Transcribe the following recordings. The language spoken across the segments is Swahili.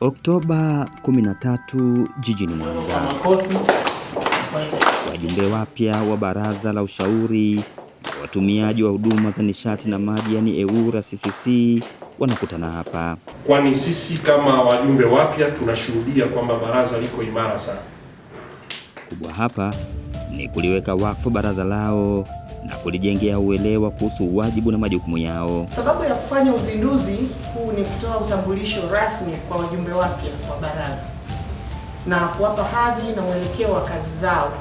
Oktoba 13 jijini Mwanza, wajumbe wapya wa baraza la ushauri na watumiaji wa huduma za nishati na maji yani EWURA CCC wanakutana hapa, kwani sisi kama wajumbe wapya tunashuhudia kwamba baraza liko imara sana. Kubwa hapa ni kuliweka wakfu baraza lao na kulijengea uelewa kuhusu wajibu na majukumu yao. Sababu ya kufanya uzinduzi huu ni kutoa utambulisho rasmi kwa wajumbe wapya wa baraza na kuwapa hadhi na mwelekeo wa kazi zao,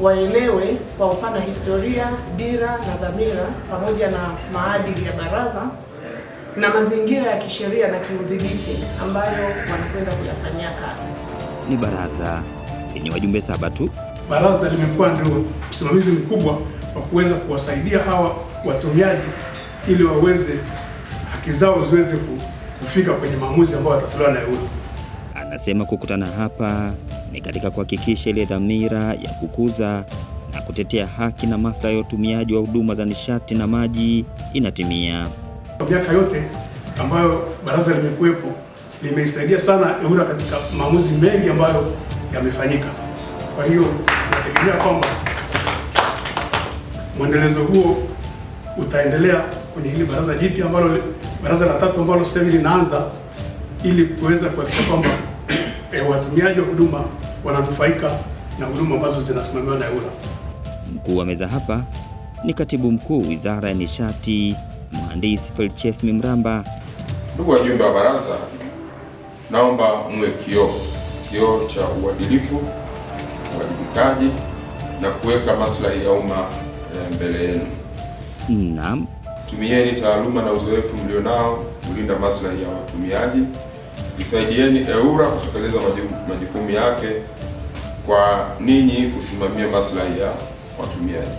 waelewe kwa upana historia, dira na dhamira, pamoja na maadili ya baraza na mazingira ya kisheria na kiudhibiti ambayo wanakwenda kuyafanyia kazi. Ni baraza lenye wajumbe saba tu baraza limekuwa ndio msimamizi mkubwa wa kuweza kuwasaidia hawa watumiaji ili waweze haki zao ziweze kufika kwenye maamuzi ambayo watatolewa na EWURA. Anasema kukutana hapa ni katika kuhakikisha ile dhamira ya kukuza na kutetea haki na maslahi ya utumiaji wa huduma za nishati na maji inatimia. Kwa miaka yote ambayo baraza limekuwepo limeisaidia sana EWURA katika maamuzi mengi ambayo yamefanyika. Kwa hiyo nategemea kwamba mwendelezo huo utaendelea kwenye hili baraza jipya ambalo baraza la tatu ambalo sasa hivi linaanza ili kuweza kuhakikisha kwamba e, watumiaji wa huduma wananufaika na huduma ambazo zinasimamiwa na EWURA. Mkuu wa meza hapa ni katibu mkuu wizara ya nishati, mhandisi Felchesmi Mramba. Ndugu wajumbe wa baraza, naomba mwe kioo kioo cha uadilifu uwajibikaji na kuweka maslahi ya umma eh, mbele yenu. Naam. Tumieni taaluma na uzoefu mlionao kulinda maslahi ya watumiaji. Isaidieni EWURA kutekeleza majukumu yake kwa ninyi kusimamia maslahi ya watumiaji.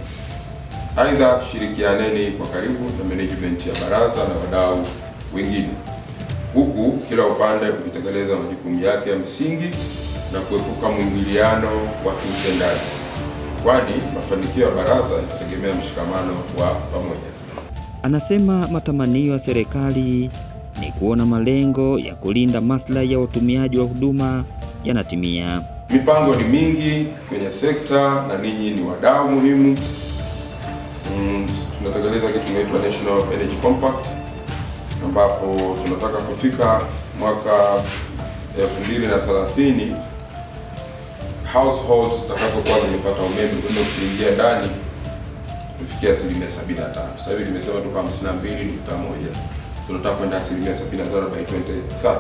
Aidha, shirikianeni kwa karibu na management ya baraza na wadau wengine, huku kila upande ukitekeleza majukumu yake ya msingi na kuepuka mwingiliano wa kiutendaji, kwani mafanikio ya baraza yanategemea mshikamano wa pamoja. Anasema matamanio ya serikali ni kuona malengo ya kulinda maslahi ya watumiaji wa huduma yanatimia. Mipango ni mingi kwenye sekta na ninyi ni wadau muhimu. Mm, tunatekeleza kitu kinaitwa National Energy Compact ambapo tunataka kufika mwaka 2030 households zitakazokuwa zimepata umeme kwenda kuingia ndani kufikia asilimia 75. Sasa hivi tumesema tuko moja tunataka kwenda asilimia tano by 2030,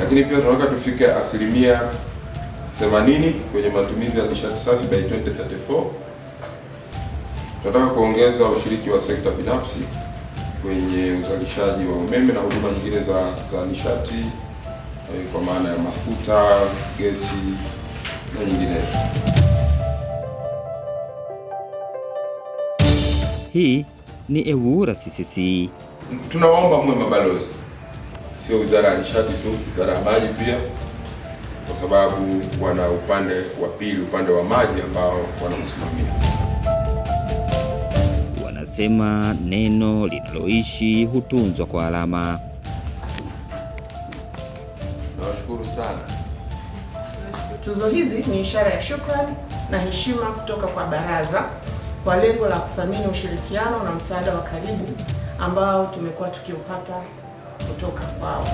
lakini pia tunataka tufike asilimia 80 kwenye matumizi ya nishati safi by 2034. Tunataka kuongeza ushiriki wa sekta binafsi kwenye uzalishaji wa umeme na huduma nyingine za za nishati eh, kwa maana ya mafuta, gesi na Hii ni EWURA CCC. tunaomba muwe mabalozi, sio wizara ya nishati tu, wizara ya maji pia, kwa sababu wana upande wa pili, upande wa maji ambao wanamsimamia. Wanasema neno linaloishi hutunzwa kwa alama. Nawashukuru sana. Tuzo hizi ni ishara ya shukrani na heshima kutoka kwa Baraza kwa lengo la kuthamini ushirikiano na msaada wa karibu ambao tumekuwa tukiupata kutoka kwao.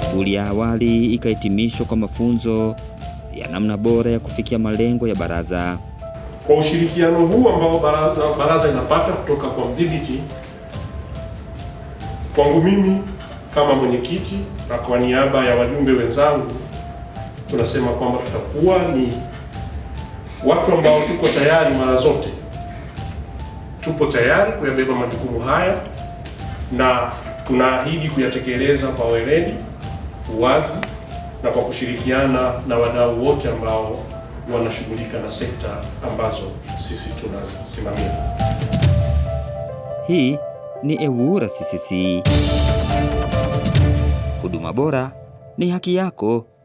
Shughuli ya awali ikahitimishwa kwa mafunzo ya namna bora ya kufikia malengo ya Baraza. Kwa ushirikiano huu ambao Baraza, baraza inapata kutoka kwa mdhibiti, kwangu mimi kama mwenyekiti na kwa niaba ya wajumbe wenzangu tunasema kwamba tutakuwa ni watu ambao tuko tayari mara zote, tupo tayari kuyabeba majukumu haya na tunaahidi kuyatekeleza kwa weledi, uwazi na kwa kushirikiana na wadau wote ambao wanashughulika na sekta ambazo sisi tunasimamia. Hii ni EWURA CCC. Huduma bora ni haki yako.